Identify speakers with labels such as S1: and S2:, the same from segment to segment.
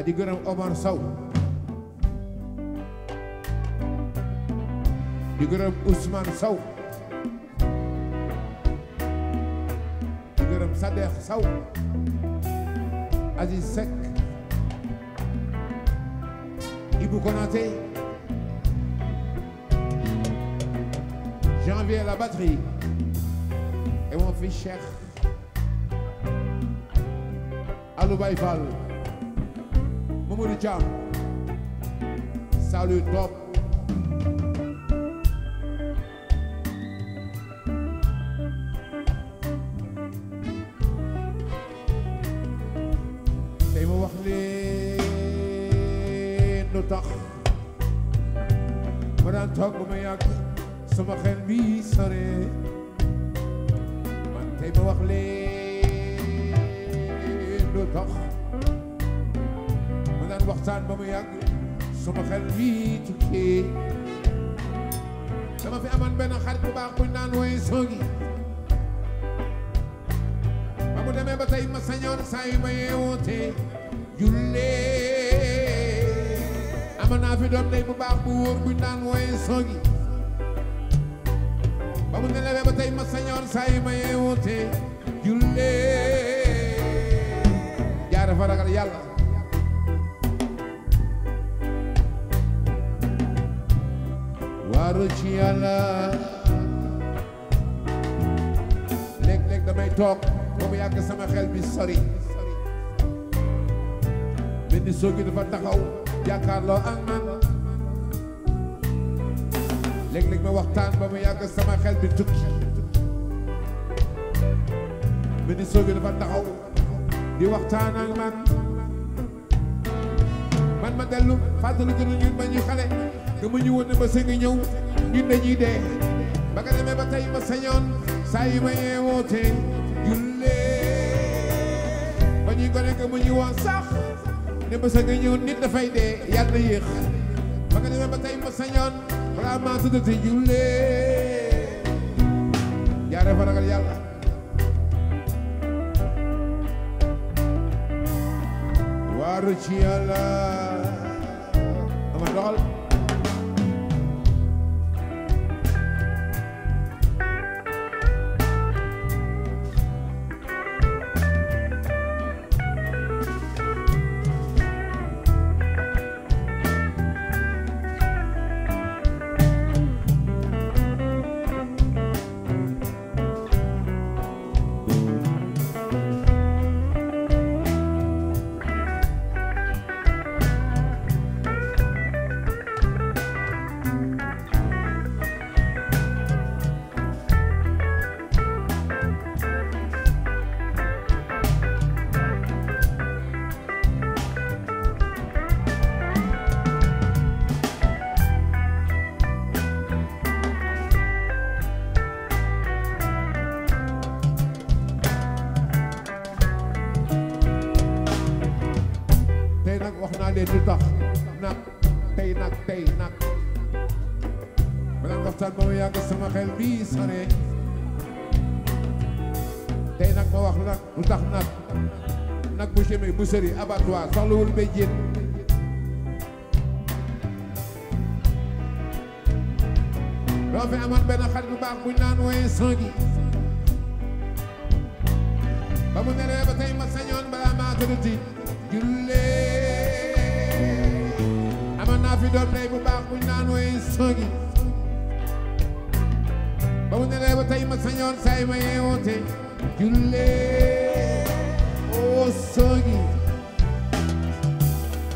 S1: waaw di gërëm Omar Sow di gërëm Ousmane Sow di gërëm Sadex Sow Aziz Seck Ibou Konaté Janvier la batterie et mon fils Cheikh Alou Baye Fall Mamadou Thiam salut top tey ma wax leen lu tax ma daan toog ma yàgg sama xel mi sore tey ma wax leen lu tax daan waxtaan ba mu yàgg suma xel wii tukkee dama fi amoon benn xarit bu baax buñ naan woy songi ba mu demee ba tey ma sañoon saa yu ma yeewootee jullee amoon fi doom day bu baax bu wóor buñ naan woy songi ba mu nelawee ba tey ma sañoon saa yu ma yeewootee jullee jaare fa ragal yàlla ci yàlla léeg-léeg damay toog ba yàgg sama xel bi sori mel ni soo gi dafa taxaw jàkkaarloo ak man léeg-léeg ma waxtaan ba mu yàgg sama xel bi tukki mel ni soo gi taxaw di waxtaan ak man ma dellu fàttali gënu ñun ba ñu xale dama ñu woon ne ma sa ngi ñëw ñun dee ba nga demee ba tey ma sañoon saa yu ma yeewoo tee jullee ba ñuy gone nga mu ñu woon sax ne ma sa ngi ñëw nit dafay dee yàlla yéex ba nga demee ba tey ma sañoon balaa maa tudd te jullee jaaree fa ragal yàlla waaru ci yàlla ama doxal naa leen lu tax nag tey nag tey nag balaa waxtaan ba ma yàgg sama xel bii sane tey nag ma wax nag lu tax nag nag bu jëmee bu sëri abattoir soxlawul bay jéem doo fi amoon benn xarit bu baax buñ naan wooyee sangi ba mu neree ba tey ma sañoon balaa maa tëddati jullee maa fi ba mu nelee ba tey ma saay ma yeewoo te jullee oo oh songi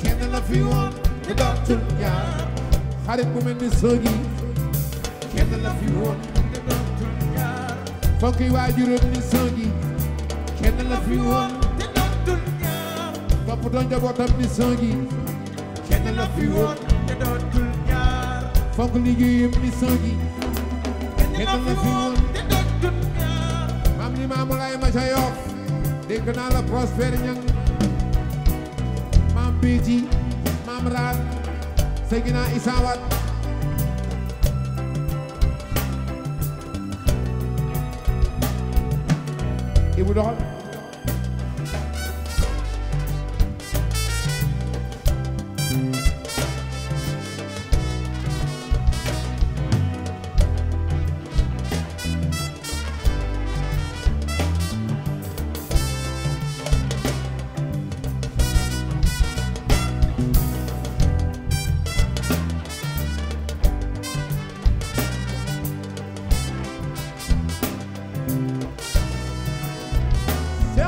S1: kenn la fi woon di dootul ñaar xarit bu mel ni songi ni songi kenn la fi woon di dootul ñaar topp doon njabootam ni songi fi woon te dootul ni soñi kenn na fi maam ni maamu lay ma ca yoof dégg naa la prospère ñang maam biiji maam raat Seydina Issa ibu doxal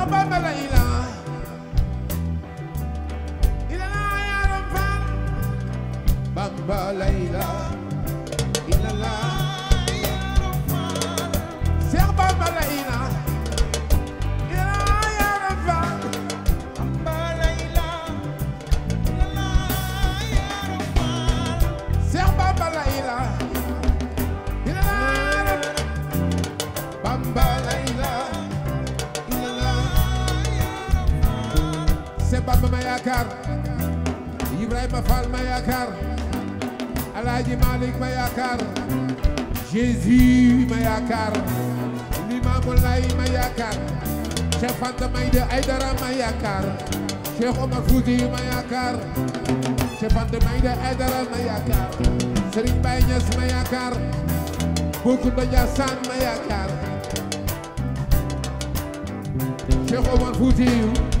S1: Bamba Layla Bamba ma yaakaar Ibrahima Fall ma yaakaar Alaaji Malick ma yaakaar Jésus ma yaakaar Limaamu ma yaakaar Cheikh Fanta Maïda Aïdara ma yaakaar Cheikh Omar Foutiyou ma yaakaar Cheikh Fanta Maïda Aïdara ma yaakaar Serigne Baye Niass ma yaakaar Bokounda Ndiassane ma yaakaar Cheikh Omar Foutiyou